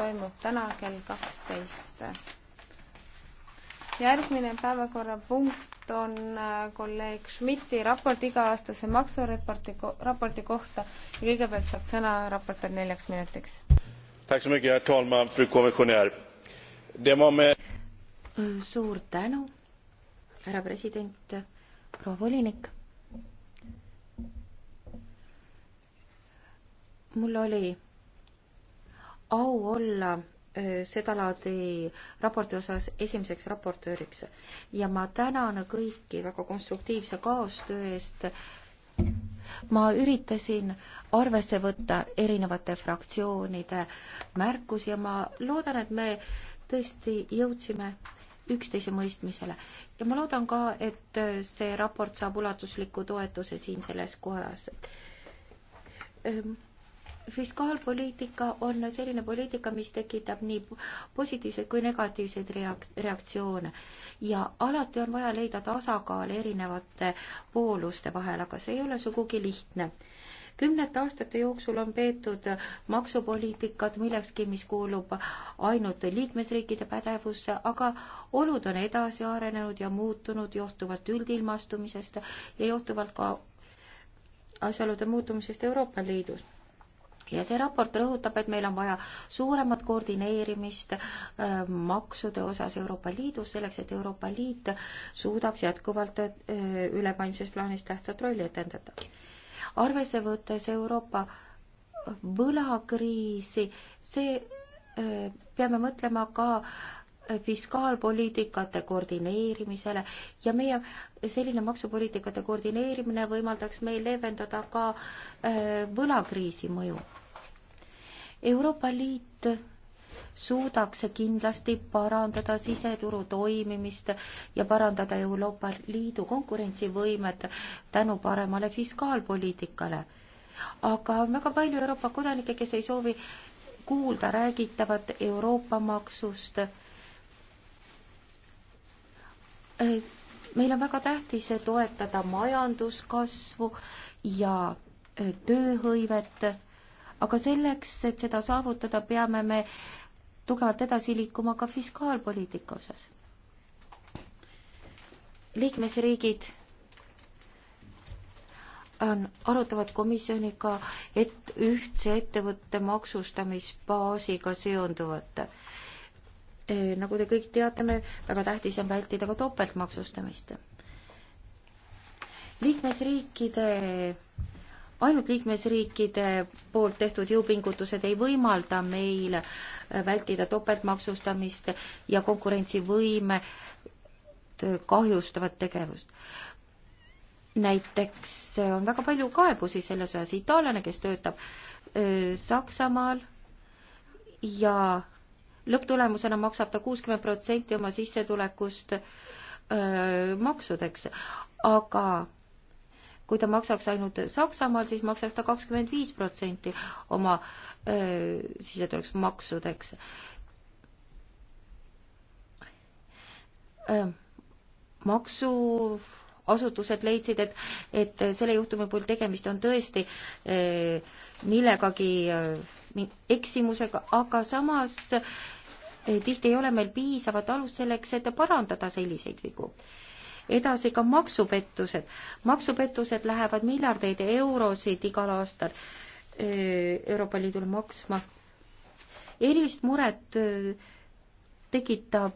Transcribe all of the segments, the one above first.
toimub täna kell kaksteist. järgmine päevakorrapunkt on äh, kolleeg Schmidti raport iga-aastase maksureporti, raporti kohta ja kõigepealt saab sõna raportöör neljaks minutiks. suur tänu, härra president, proua volinik mul oli au olla äh, sedalaadi raporti osas esimeseks raportööriks ja ma tänan kõiki väga konstruktiivse kaastöö eest. ma üritasin arvesse võtta erinevate fraktsioonide märkusi ja ma loodan, et me tõesti jõudsime üksteise mõistmisele ja ma loodan ka, et see raport saab ulatusliku toetuse siin selles kojas ehm, fiskaalpoliitika on selline poliitika, mis tekitab nii positiivseid kui negatiivseid reak-, reaktsioone. ja alati on vaja leida tasakaal erinevate pooluste vahel, aga see ei ole sugugi lihtne kümnete aastate jooksul on peetud maksupoliitikat millekski, mis kuulub ainult liikmesriikide pädevusse, aga olud on edasi arenenud ja muutunud johtuvalt üldilmastumisest ja johtuvalt ka asjaolude muutumisest Euroopa Liidus ja see raport rõhutab, et meil on vaja suuremat koordineerimist äh, maksude osas Euroopa Liidus, selleks et Euroopa Liit suudaks jätkuvalt äh, ülemaailmses plaanis tähtsat rolli etendada. arvesse võttes Euroopa võlakriisi, see, äh, peame mõtlema ka fiskaalpoliitikate koordineerimisele ja meie selline maksupoliitikate koordineerimine võimaldaks meil leevendada ka võlakriisi mõju Euroopa Liit suudaks kindlasti parandada siseturu toimimist ja parandada Euroopa Liidu konkurentsivõimet tänu paremale fiskaalpoliitikale. aga on väga palju Euroopa kodanikke, kes ei soovi kuulda räägitavat Euroopa maksust. meil on väga tähtis toetada majanduskasvu ja tööhõivet aga selleks, et seda saavutada, peame me tugevalt edasi liikuma ka fiskaalpoliitika osas. liikmesriigid on, arutavad komisjoniga, et ühtse ettevõtte maksustamisbaasiga seonduvat. E, nagu te kõik teate, me, väga tähtis on vältida ka topeltmaksustamist. liikmesriikide ainult liikmesriikide poolt tehtud jõupingutused ei võimalda meil äh, vältida topeltmaksustamist ja konkurentsivõime äh, kahjustavat tegevust. näiteks äh, on väga palju kaebusi selles osas, itaallane, kes töötab Saksamaal ja lõpptulemusena maksab ta kuuskümmend protsenti oma sissetulekust öö, maksudeks, aga kui ta maksaks ainult Saksamaal, siis maksaks ta kakskümmend viis protsenti oma sisetuleks maksudeks. maksuasutused leidsid, et, et selle juhtumi puhul tegemist on tõesti öö, millegagi öö, eksimusega, aga samas tihti ei ole meil piisavat alust selleks, et parandada selliseid vigu edasi ka maksupettused. maksupettused lähevad miljardeid eurosid igal aastal Euroopa Liidule maksma. erilist muret tekitab,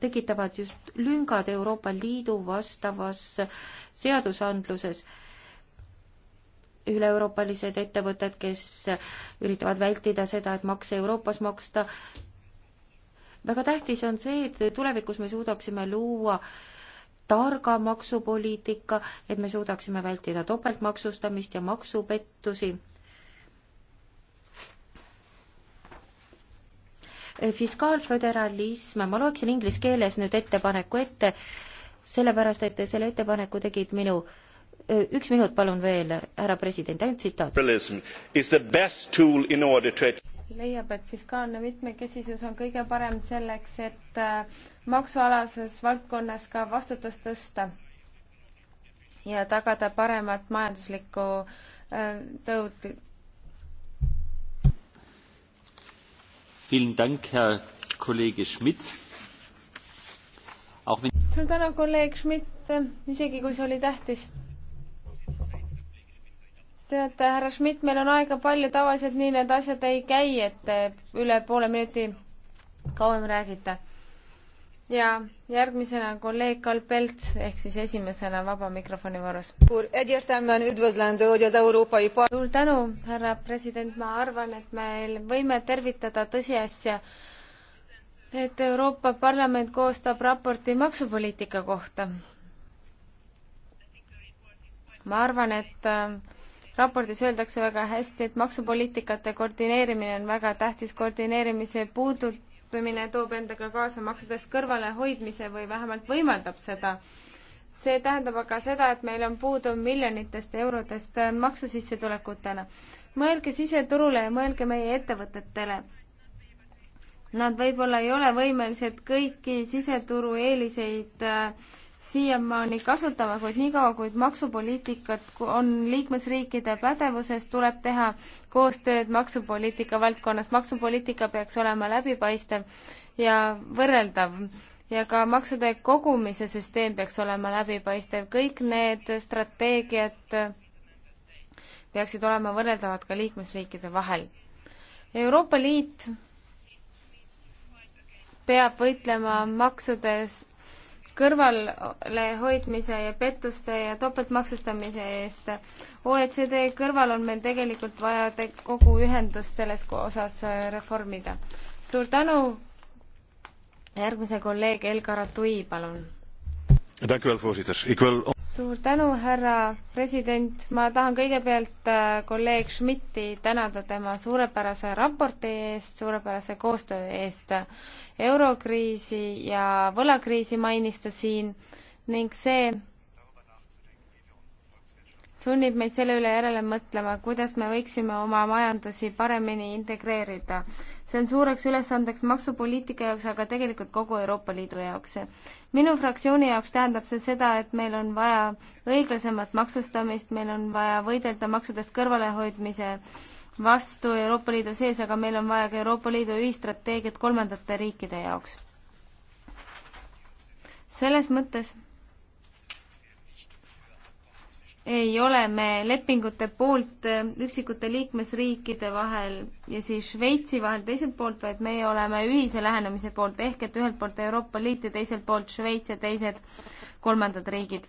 tekitavad just lüngad Euroopa Liidu vastavas seadusandluses üle-euroopalised ettevõtted, kes üritavad vältida seda, et makse Euroopas maksta. väga tähtis on see, et tulevikus me suudaksime luua äh, targa maksupoliitika, et me suudaksime vältida topeltmaksustamist ja maksupettusi. fiskaalföderalism, ma loeksin inglise keeles nüüd ettepaneku ette, sellepärast et selle ettepaneku tegid minu üks minut palun veel, härra president, ainult tsitaat leiab, et fiskaalne mitmekesisus on kõige parem selleks, et äh, maksualases valdkonnas ka vastutust tõsta ja tagada paremat majanduslikku äh, tõud. suur tänu, kolleeg Schmidt, isegi kui see oli tähtis teate, härra Schmidt, meil on aega palju, tavaliselt nii need asjad ei käi, et üle poole minuti kauem räägite. ja järgmisena kolleeg Karl Pelts ehk siis esimesena vaba mikrofoni varus. suur tänu, härra president, ma arvan, et me võime tervitada tõsiasja, et Euroopa Parlament koostab raporti maksupoliitika kohta. ma arvan, et äh, raportis öeldakse väga hästi, et maksupoliitikate koordineerimine on väga tähtis, koordineerimise puudumine toob endaga kaasa maksudest kõrvalehoidmise või vähemalt võimaldab seda. see tähendab aga seda, et meil on puudu miljonitest eurodest maksusissetulekutena. mõelge siseturule ja mõelge meie ettevõtetele. Nad võib-olla ei ole võimelised kõiki siseturu eeliseid äh, siiamaani kasutame, kuid niikaua, kui maksupoliitikat on liikmesriikide pädevuses, tuleb teha koostööd maksupoliitika valdkonnas. maksupoliitika peaks olema läbipaistev ja võrreldav ja ka maksude kogumise süsteem peaks olema läbipaistev. kõik need strateegiad peaksid olema võrreldavad ka liikmesriikide vahel. Euroopa Liit peab võitlema maksudes kõrvalehoidmise ja pettuste ja topeltmaksustamise eest. OECD kõrval on meil tegelikult vaja te kogu ühendust selles osas äh, reformida. suur tänu, järgmise kolleeg Elgar Atui, palun suur tänu, härra president, ma tahan kõigepealt äh, kolleeg Schmidti tänada tema suurepärase raporti eest, suurepärase koostöö eest. eurokriisi ja võlakriisi mainis ta siin ning see sunnib meid selle üle järele mõtlema, kuidas me võiksime oma majandusi paremini integreerida. see on suureks ülesandeks maksupoliitika jaoks, aga tegelikult kogu Euroopa Liidu jaoks. minu fraktsiooni jaoks tähendab see seda, et meil on vaja õiglasemat maksustamist, meil on vaja võidelda maksudest kõrvalehoidmise vastu Euroopa Liidu sees, aga meil on vaja ka Euroopa Liidu ühistrateegiat kolmandate riikide jaoks. selles mõttes ei ole me lepingute poolt äh, üksikute liikmesriikide vahel ja siis Šveitsi vahel teiselt poolt, vaid meie oleme ühise lähenemise poolt ehk et ühelt poolt Euroopa Liit ja teiselt poolt Šveits ja teised kolmandad riigid.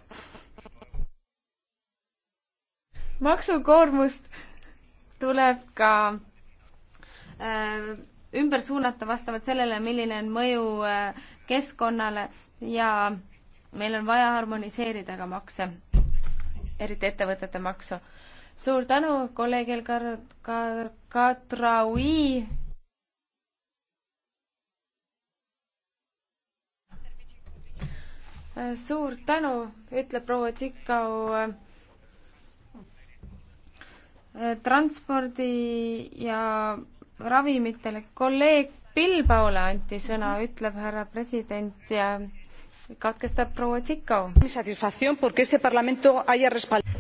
maksukoormust tuleb ka äh, ümber suunata vastavalt sellele, milline on mõju äh, keskkonnale ja meil on vaja harmoniseerida ka makse eriti ettevõtete maksu. suur tänu kolleegil Kar-, Kar-, Katraui. suur tänu, ütleb proua Tsikau. transpordi ja ravimitele kolleeg Bilbaole anti sõna, ütleb härra president ja katkestab proua Tsikau.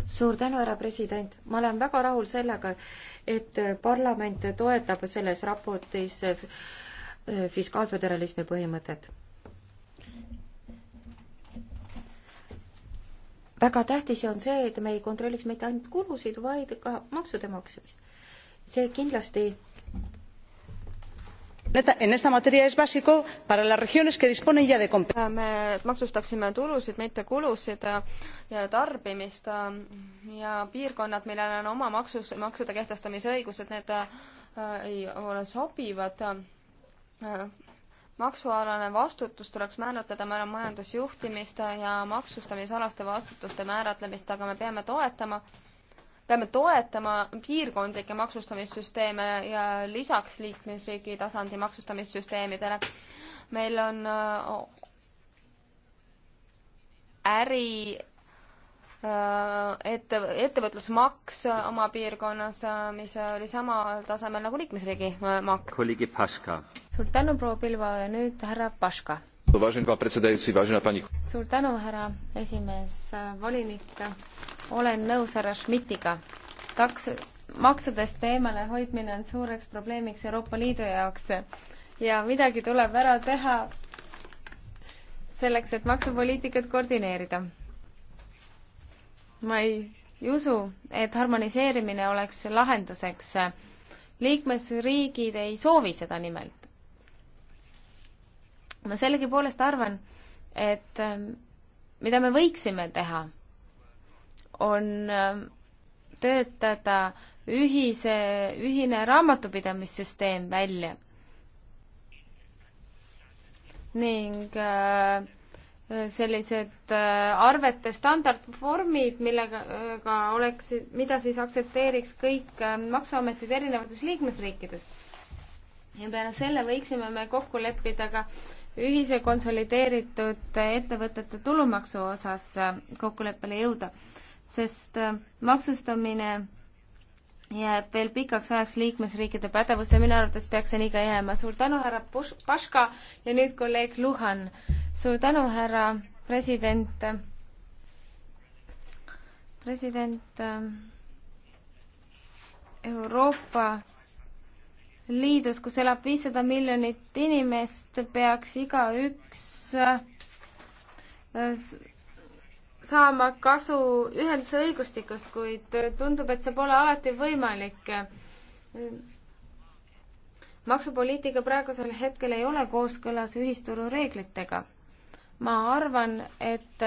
suur tänu, härra president. ma olen väga rahul sellega, et parlament toetab selles raportis eh, fiskaalföderalismi põhimõtet. väga tähtis on see, et me ei kontrolliks mitte ainult kulusid, vaid ka maksude maksmist. see kindlasti en esta materia es básico para las regiones que disponen ya de eh, me maksustaksime tulusid, mitte kulusid äh, ja tarbimist äh, ja piirkonnad, millel on oma maksus, maksude kehtestamise õigused, need äh, ei ole sobivad. maksualane vastutus tuleks määratleda, meil on majandusjuhtimist ja maksustamisalaste vastutuste määratlemist, aga me peame toetama äh, peame toetama piirkondlikke maksustamissüsteeme ja lisaks liikmesriigi tasandi maksustamissüsteemidele. meil on äh, äri äh, ette, ettevõtlusmaks äh, oma piirkonnas, mis oli samal tasemel nagu liikmesriigi maks. kolleeg Paška. suur tänu, proua Pilva ja nüüd härra Paška suur tänu, härra esimees, volinik, olen nõus härra Schmidtiga. kaks, maksudest eemale hoidmine on suureks probleemiks Euroopa Liidu jaoks ja midagi tuleb ära teha selleks, et maksupoliitikat koordineerida. ma ei usu, et harmoniseerimine oleks lahenduseks. liikmesriigid ei soovi seda nimelt ma sellegipoolest arvan, et ähm, mida me võiksime teha, on ähm, töötada ühise, ühine raamatupidamissüsteem välja ning äh, sellised äh, arvete standardvormid, millega äh, oleksid, mida siis aktsepteeriks kõik ähm, maksuametid erinevates liikmesriikides. ja peale selle võiksime me kokku leppida ka äh, ühise konsolideeritud ettevõtete tulumaksu osas kokkuleppele jõuda, sest äh, maksustamine jääb veel pikaks ajaks liikmesriikide pädevusse, minu arvates peaks see nii ka jääma. suur tänu, härra Paška ja nüüd kolleeg Luhan. suur tänu, härra president. president äh, Euroopa Liidus, kus elab viissada miljonit inimest, peaks igaüks äh, saama kasu ühenduse õigustikust, kuid tundub, et see pole alati võimalik. maksupoliitika praegusel hetkel ei ole kooskõlas ühisturu reeglitega. ma arvan, et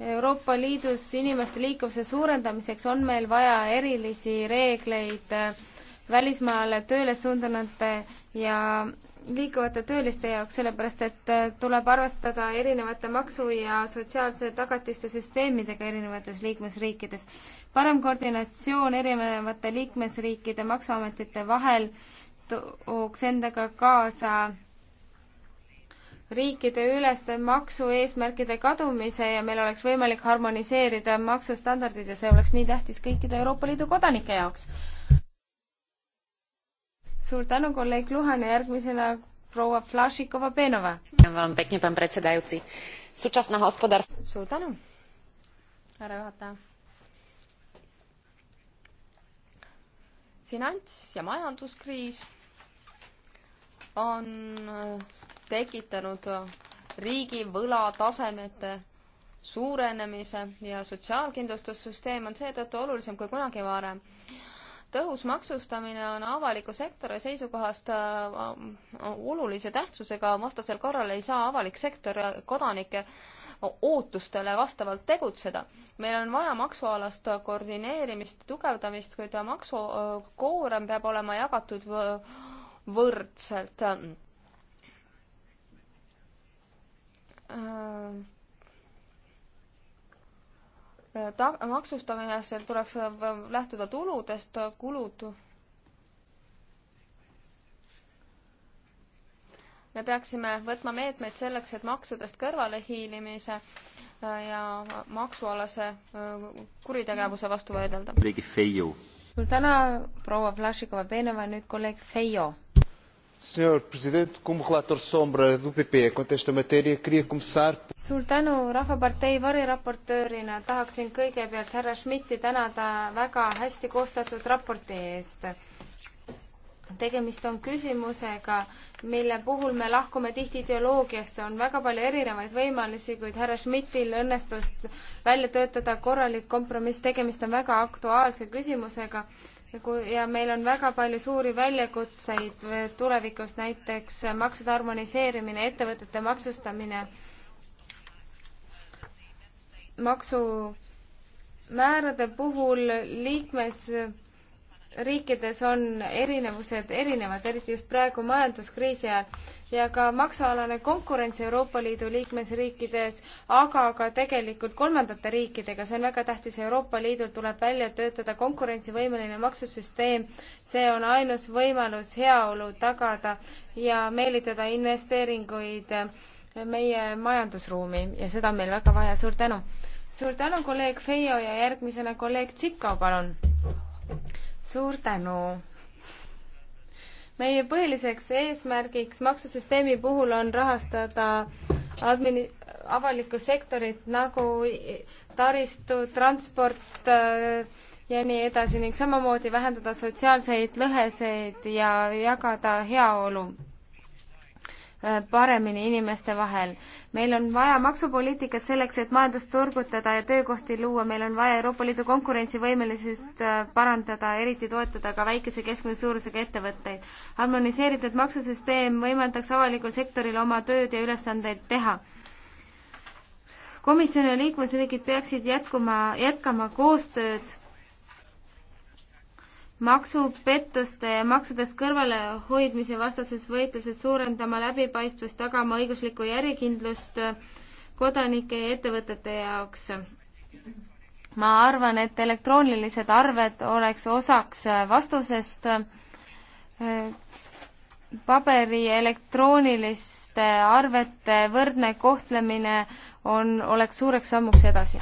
Euroopa Liidus inimeste liikuvuse suurendamiseks on meil vaja erilisi reegleid äh, välismaale tööle suundunute ja liikuvate tööliste jaoks, sellepärast et tuleb arvestada erinevate maksu- ja sotsiaalse tagatiste süsteemidega erinevates liikmesriikides. parem koordinatsioon erinevate liikmesriikide maksuametite vahel tooks endaga kaasa riikide üleste maksueesmärkide kadumise ja meil oleks võimalik harmoniseerida maksustandardid ja see oleks nii tähtis kõikide Euroopa Liidu kodanike jaoks suur tänu, kolleeg Luhan ja järgmisena proua Flašikova Penova. suur tänu, härra juhataja. finants- ja majanduskriis on äh, tekitanud äh, riigi võlatasemete suurenemise ja sotsiaalkindlustussüsteem on seetõttu olulisem kui kunagi varem tõhus maksustamine on avaliku sektori seisukohast äh, äh, olulise tähtsusega, vastasel korral ei saa avalik sektor kodanike ootustele vastavalt tegutseda. meil on vaja maksualast koordineerimist, tugevdamist, kuid maksukoorem peab olema jagatud võrdselt äh, ta-, maksustamine, seal tuleks lähtuda tuludest, kulud. me peaksime võtma meetmeid selleks, et maksudest kõrvalehiilimise ja maksualase äh, kuritegevuse vastu võidelda. suur tänu, proua Vlašikova-Peenova, nüüd kolleeg Feijo Senhor president, como relator sombra do PP quanto esta matéria, queria começar. suur tänu, Rahvapartei variraportöörina tahaksin kõigepealt härra Schmidti tänada väga hästi koostatud raporti eest. tegemist on küsimusega, mille puhul me lahkume tihti ideoloogiasse, on väga palju erinevaid võimalusi, kuid härra Schmidtil õnnestus välja töötada korralik kompromiss, tegemist on väga aktuaalse küsimusega ja meil on väga palju suuri väljakutseid tulevikus, näiteks maksude harmoniseerimine, ettevõtete maksustamine, maksumäärade puhul liikmesriikides on erinevused erinevad, eriti just praegu majanduskriisi ajal ja ka maksualane konkurents Euroopa Liidu liikmesriikides, aga ka tegelikult kolmandate riikidega, see on väga tähtis, Euroopa Liidul tuleb välja töötada konkurentsivõimeline maksusüsteem, see on ainus võimalus heaolu tagada ja meelitada investeeringuid meie majandusruumi ja seda on meil väga vaja, suur tänu! suur tänu, kolleeg Feio ja järgmisena kolleeg Tsikko, palun! suur tänu, meie põhiliseks eesmärgiks maksusüsteemi puhul on rahastada admini-, avalikku sektorit nagu taristu, transport äh, ja nii edasi ning samamoodi vähendada sotsiaalseid lõhesid ja jagada heaolu Äh, paremini inimeste vahel. meil on vaja maksupoliitikat selleks, et majandust turgutada ja töökohti luua, meil on vaja Euroopa Liidu konkurentsivõimelisust äh, parandada, eriti toetada ka väikese keskmise suurusega ettevõtteid. harmoniseeritud maksusüsteem võimaldaks avalikul sektoril oma tööd ja ülesandeid teha. komisjoni liikmesriigid peaksid jätkuma, jätkama koostööd maksupettuste ja maksudest kõrvalehoidmise vastases võitluses suurendama läbipaistvust, tagama õiguslikku järjekindlust kodanike ja ettevõtete jaoks. ma arvan, et elektroonilised arved oleks osaks vastusest paberi ja elektrooniliste arvete võrdne kohtlemine on, oleks suureks sammuks edasi.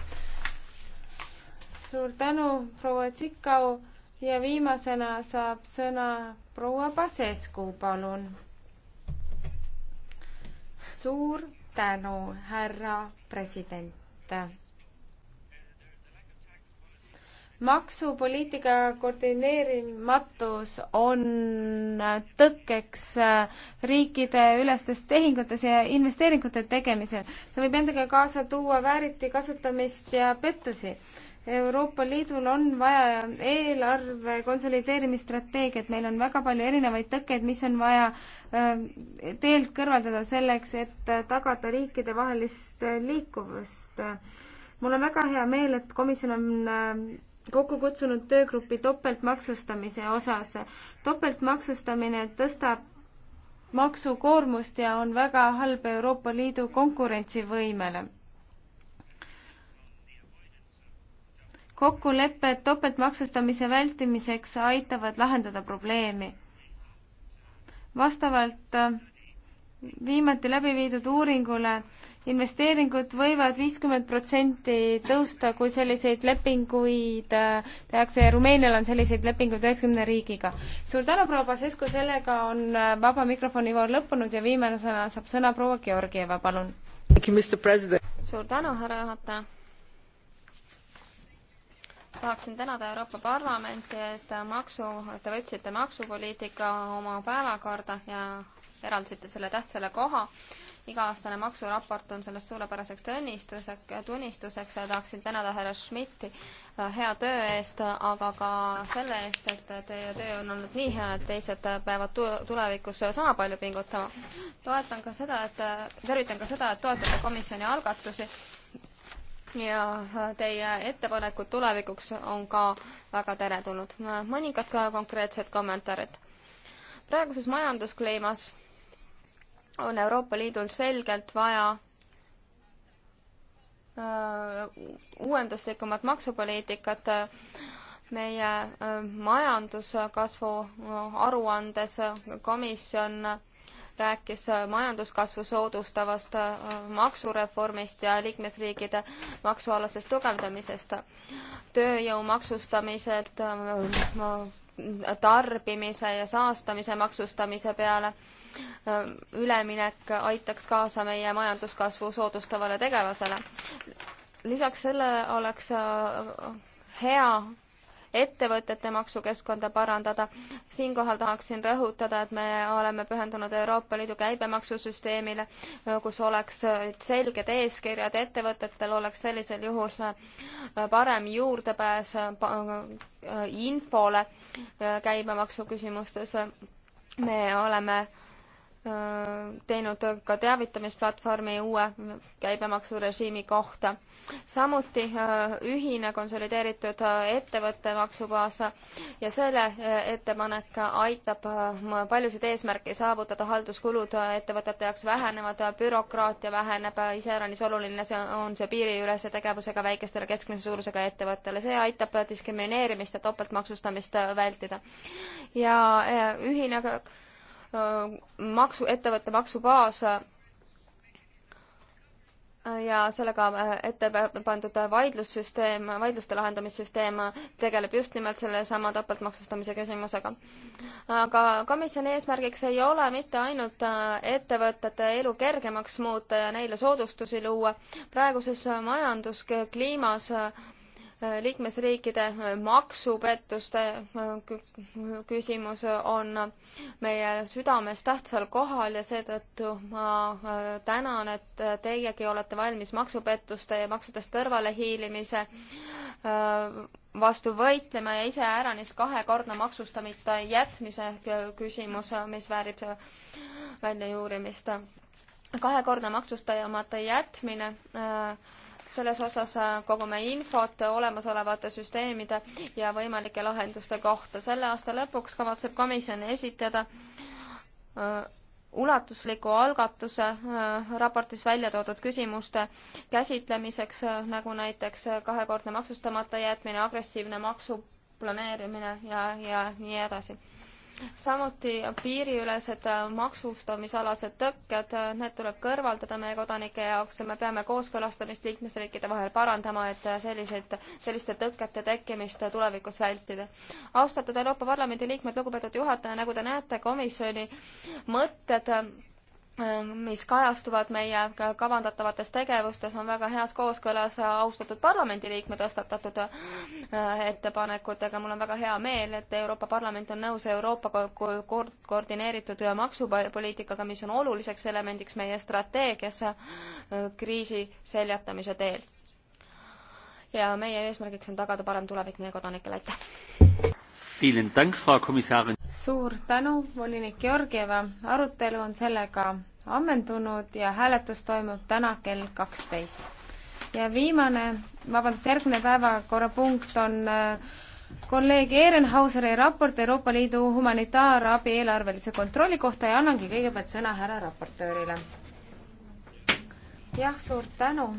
suur tänu, proua Tsikau ja viimasena saab sõna proua Pasescu, palun. suur tänu, härra president. maksupoliitika koordineerimatus on tõkkeks riikide ülestes tehingutes ja investeeringute tegemisel. see võib endaga kaasa tuua vääriti kasutamist ja pettusi Euroopa Liidul on vaja eelarve konsolideerimisstrateegiat, meil on väga palju erinevaid tõkkeid, mis on vaja äh, teelt kõrvaldada selleks, et äh, tagada riikidevahelist äh, liikuvust. mul on väga hea meel, et komisjon on kokku kutsunud töögrupi topeltmaksustamise osas. topeltmaksustamine tõstab maksukoormust ja on väga halb Euroopa Liidu konkurentsivõimele kokkulepped topeltmaksustamise vältimiseks aitavad lahendada probleemi. vastavalt äh, viimati läbi viidud uuringule investeeringud võivad viiskümmend protsenti tõusta, kui selliseid lepinguid äh, tehakse ja Rumeenial on selliseid lepinguid üheksakümne riigiga. suur tänu, proua Pasescu, sellega on äh, vaba mikrofoni voor lõppenud ja viimasena saab sõna proua Georgieva, palun. suur tänu, härra juhataja tahaksin tänada Euroopa Parlamenti, et maksu, te võtsite maksupoliitika oma päevakorda ja eraldasite selle tähtsale koha. iga-aastane maksuraport on sellest suurepäraseks tunnistuseks, tunnistuseks ja tahaksin tänada härra Schmidti äh, hea töö eest, aga ka selle eest, et teie töö on olnud nii hea, et teised peavad tulevikus sama palju pingutama. toetan ka seda, et, tervitan ka seda, et toetate komisjoni algatusi ja äh, teie ettepanekud tulevikuks on ka väga teretulnud. Äh, mõningad ka konkreetsed kommentaarid. praeguses majanduskliimas on Euroopa Liidul selgelt vaja äh, uuenduslikumat maksupoliitikat. meie majanduskasvu aruandes komisjon rääkis majanduskasvu soodustavast äh, maksureformist ja liikmesriigide maksualasest tugevdamisest. tööjõu maksustamiselt äh, tarbimise ja saastamise maksustamise peale äh, üleminek aitaks kaasa meie majanduskasvu soodustavale tegevusele. lisaks sellele oleks hea ettevõtete maksukeskkonda parandada. siinkohal tahaksin rõhutada, et me oleme pühendunud Euroopa Liidu käibemaksusüsteemile, kus oleks selged eeskirjad, ettevõtetel oleks sellisel juhul parem juurdepääs infole käibemaksu küsimustes. me oleme Äh, teinud ka teavitamisplatvormi uue käibemaksurežiimi kohta. samuti äh, ühine konsolideeritud äh, ettevõtte maksubaas ja selle ettepanek aitab paljusid eesmärke saavutada, halduskulud ettevõtete jaoks vähenevad, bürokraatia väheneb, iseäranis oluline see on see piiriülese tegevusega väikestele keskmise suurusega ettevõttele, see aitab diskrimineerimist ja topeltmaksustamist vältida. ja ühine maksu, ettevõtte maksubaas ja sellega ette pandud vaidlussüsteem, vaidluste lahendamissüsteem tegeleb just nimelt sellesama topeltmaksustamise küsimusega. aga komisjoni eesmärgiks ei ole mitte ainult ettevõtete elu kergemaks muuta ja neile soodustusi luua, praeguses majanduskliimas liikmesriikide maksupettuste äh, küsimus on meie südames tähtsal kohal ja seetõttu ma äh, tänan, et teiegi olete valmis maksupettuste ja maksudest kõrvalehiilimise äh, vastu võitlema ja iseäranis kahekordne maksustamata jätmise küsimus, mis väärib väljajuurimist. kahekordne maksustamata jätmine äh, selles osas äh, kogume infot olemasolevate süsteemide ja võimalike lahenduste kohta. selle aasta lõpuks kavatseb komisjon esitada äh, ulatusliku algatuse äh, raportis välja toodud küsimuste käsitlemiseks, nagu näiteks kahekordne maksustamata jätmine, agressiivne maksuplaneerimine ja, ja nii edasi samuti piiriülesed äh, maksustamisalased tõkked, äh, need tuleb kõrvaldada meie kodanike jaoks ja me peame kooskõlastamist liikmesriikide vahel parandama, et äh, selliseid, selliste tõkete tekkimist tulevikus vältida. austatud Euroopa Parlamendi liikmed, lugupeetud juhataja, nagu te näete, komisjoni mõtted Ähm, mis kajastuvad meie kavandatavates tegevustes, on väga heas kooskõlas austatud parlamendiliikme tõstatatud äh, ettepanekutega. mul on väga hea meel, et Euroopa Parlament on nõus Euroopa koordineeritud maksupoliitikaga, mis on oluliseks elemendiks meie strateegias äh, kriisi seljatamise teel. ja meie eesmärgiks on tagada parem tulevik meie kodanikele, aitäh! suur tänu, volinik Georgieva, arutelu on sellega ammendunud ja hääletus toimub täna kell kaksteist. ja viimane, vabandust, järgmine päevakorrapunkt on äh, kolleeg Ehrenhauseri raport Euroopa Liidu humanitaarabi eelarvelise kontrolli kohta ja annangi kõigepealt sõna härra raportöörile. jah, suur tänu